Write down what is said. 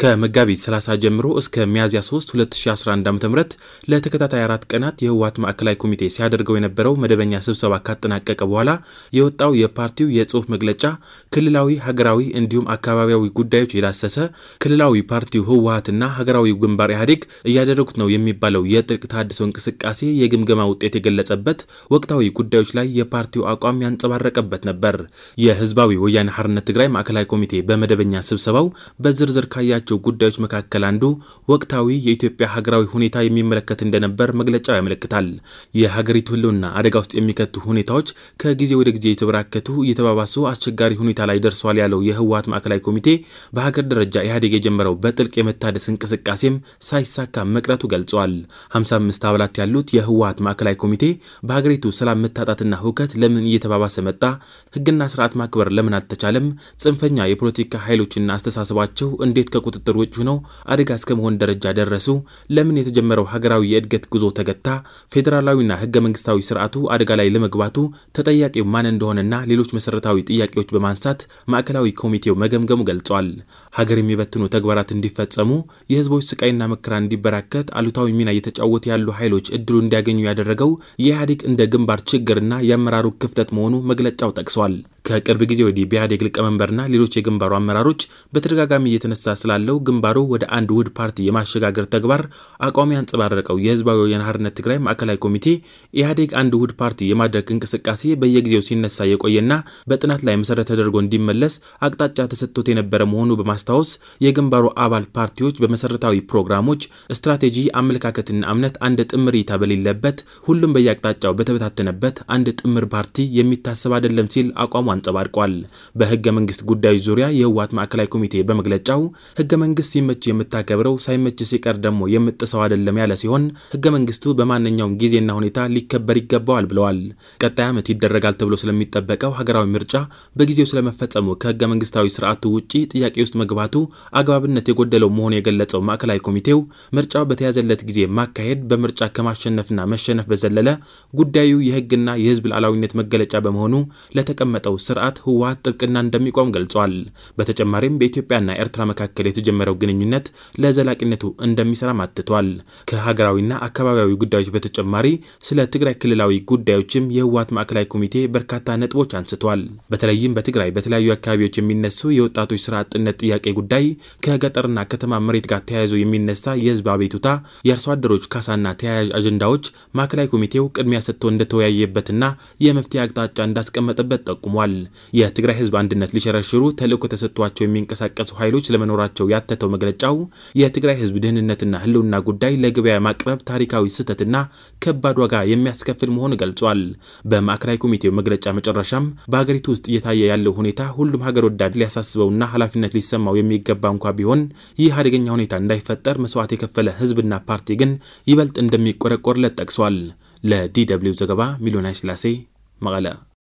ከመጋቢት 30 ጀምሮ እስከ ሚያዝያ 3 2011 ዓ ም ለተከታታይ አራት ቀናት የህወሓት ማዕከላዊ ኮሚቴ ሲያደርገው የነበረው መደበኛ ስብሰባ ካጠናቀቀ በኋላ የወጣው የፓርቲው የጽሁፍ መግለጫ ክልላዊ፣ ሀገራዊ እንዲሁም አካባቢያዊ ጉዳዮች የዳሰሰ ክልላዊ ፓርቲው ህወሓትና ሀገራዊ ግንባር ኢህአዴግ እያደረጉት ነው የሚባለው የጥልቅ ተሃድሶ እንቅስቃሴ የግምገማ ውጤት የገለጸበት፣ ወቅታዊ ጉዳዮች ላይ የፓርቲው አቋም ያንጸባረቀበት ነበር። የህዝባዊ ወያነ ሓርነት ትግራይ ማዕከላዊ ኮሚቴ በመደበኛ ስብሰባው በዝርዝር ካያቸው ካነሳቸው ጉዳዮች መካከል አንዱ ወቅታዊ የኢትዮጵያ ሀገራዊ ሁኔታ የሚመለከት እንደነበር መግለጫው ያመለክታል። የሀገሪቱ ሕልውና አደጋ ውስጥ የሚከቱ ሁኔታዎች ከጊዜ ወደ ጊዜ የተበራከቱ እየተባባሱ አስቸጋሪ ሁኔታ ላይ ደርሷል ያለው የህወሀት ማዕከላዊ ኮሚቴ በሀገር ደረጃ ኢህአዴግ የጀመረው በጥልቅ የመታደስ እንቅስቃሴም ሳይሳካ መቅረቱ ገልጿል። 55 አባላት ያሉት የህወሀት ማዕከላዊ ኮሚቴ በሀገሪቱ ሰላም መታጣትና ሁከት ለምን እየተባባሰ መጣ? ህግና ስርዓት ማክበር ለምን አልተቻለም? ጽንፈኛ የፖለቲካ ኃይሎችና አስተሳሰባቸው እንዴት ከቁጥጥር ከቁጥጥር ውጭ ሆነው አደጋ እስከ መሆን ደረጃ ደረሱ? ለምን የተጀመረው ሀገራዊ የእድገት ጉዞ ተገታ? ፌዴራላዊና ህገ መንግስታዊ ስርዓቱ አደጋ ላይ ለመግባቱ ተጠያቂው ማን እንደሆነና ሌሎች መሰረታዊ ጥያቄዎች በማንሳት ማዕከላዊ ኮሚቴው መገምገሙ ገልጿል። ሀገር የሚበትኑ ተግባራት እንዲፈጸሙ፣ የህዝቦች ስቃይና መከራ እንዲበራከት አሉታዊ ሚና እየተጫወቱ ያሉ ኃይሎች እድሉ እንዲያገኙ ያደረገው የኢህአዴግ እንደ ግንባር ችግርና የአመራሩ ክፍተት መሆኑ መግለጫው ጠቅሷል። ከቅርብ ጊዜ ወዲህ በኢህአዴግ ሊቀመንበርና ሌሎች የግንባሩ አመራሮች በተደጋጋሚ እየተነሳ ስላለው ግንባሩ ወደ አንድ ውህድ ፓርቲ የማሸጋገር ተግባር አቋም ያንጸባረቀው የህዝባዊ ወያነ ሓርነት ትግራይ ማዕከላዊ ኮሚቴ ኢህአዴግ አንድ ውህድ ፓርቲ የማድረግ እንቅስቃሴ በየጊዜው ሲነሳ የቆየና በጥናት ላይ መሰረት ተደርጎ እንዲመለስ አቅጣጫ ተሰጥቶት የነበረ መሆኑ በማስታወስ የግንባሩ አባል ፓርቲዎች በመሰረታዊ ፕሮግራሞች፣ ስትራቴጂ፣ አመለካከትና እምነት አንድ ጥምር እይታ በሌለበት ሁሉም በየአቅጣጫው በተበታተነበት አንድ ጥምር ፓርቲ የሚታሰብ አይደለም ሲል አቋሟን አንጸባርቋል። በህገ መንግስት ጉዳዮች ዙሪያ የህወሓት ማዕከላዊ ኮሚቴ በመግለጫው ህገ መንግስት ሲመች የምታከብረው ሳይመች ሲቀር ደግሞ የምጥሰው አይደለም ያለ ሲሆን ህገ መንግስቱ በማንኛውም ጊዜና ሁኔታ ሊከበር ይገባዋል ብለዋል። ቀጣይ ዓመት ይደረጋል ተብሎ ስለሚጠበቀው ሀገራዊ ምርጫ በጊዜው ስለመፈጸሙ ከህገ መንግስታዊ ስርዓቱ ውጪ ጥያቄ ውስጥ መግባቱ አግባብነት የጎደለው መሆኑ የገለጸው ማዕከላዊ ኮሚቴው ምርጫው በተያዘለት ጊዜ ማካሄድ በምርጫ ከማሸነፍና መሸነፍ በዘለለ ጉዳዩ የህግና የህዝብ ሉዓላዊነት መገለጫ በመሆኑ ለተቀመጠው ስርዓት ህወሀት ጥብቅና እንደሚቆም ገልጿል። በተጨማሪም በኢትዮጵያና ኤርትራ መካከል የተጀመረው ግንኙነት ለዘላቂነቱ እንደሚሰራም አትቷል። ከሀገራዊና አካባቢያዊ ጉዳዮች በተጨማሪ ስለ ትግራይ ክልላዊ ጉዳዮችም የህወሀት ማዕከላዊ ኮሚቴ በርካታ ነጥቦች አንስቷል። በተለይም በትግራይ በተለያዩ አካባቢዎች የሚነሱ የወጣቶች ስራ አጥነት ጥያቄ ጉዳይ፣ ከገጠርና ከተማ መሬት ጋር ተያይዞ የሚነሳ የህዝብ አቤቱታ፣ የአርሶ አደሮች ካሳና ተያያዥ አጀንዳዎች ማዕከላዊ ኮሚቴው ቅድሚያ ሰጥቶ እንደተወያየበትና የመፍትሄ አቅጣጫ እንዳስቀመጠበት ጠቁሟል። ገልጸዋል። የትግራይ ህዝብ አንድነት ሊሸረሽሩ ተልእኮ ተሰጥቷቸው የሚንቀሳቀሱ ኃይሎች ለመኖራቸው ያተተው መግለጫው የትግራይ ህዝብ ድህንነትና ህልውና ጉዳይ ለገበያ ማቅረብ ታሪካዊ ስህተትና ከባድ ዋጋ የሚያስከፍል መሆኑ ገልጿል። በማዕከላዊ ኮሚቴው መግለጫ መጨረሻም በሀገሪቱ ውስጥ እየታየ ያለው ሁኔታ ሁሉም ሀገር ወዳድ ሊያሳስበውና ኃላፊነት ሊሰማው የሚገባ እንኳ ቢሆን ይህ አደገኛ ሁኔታ እንዳይፈጠር መስዋዕት የከፈለ ህዝብና ፓርቲ ግን ይበልጥ እንደሚቆረቆርለት ጠቅሷል። ለዲ ደብልዩ ዘገባ ሚሊዮን ኃይለሥላሴ መቀለ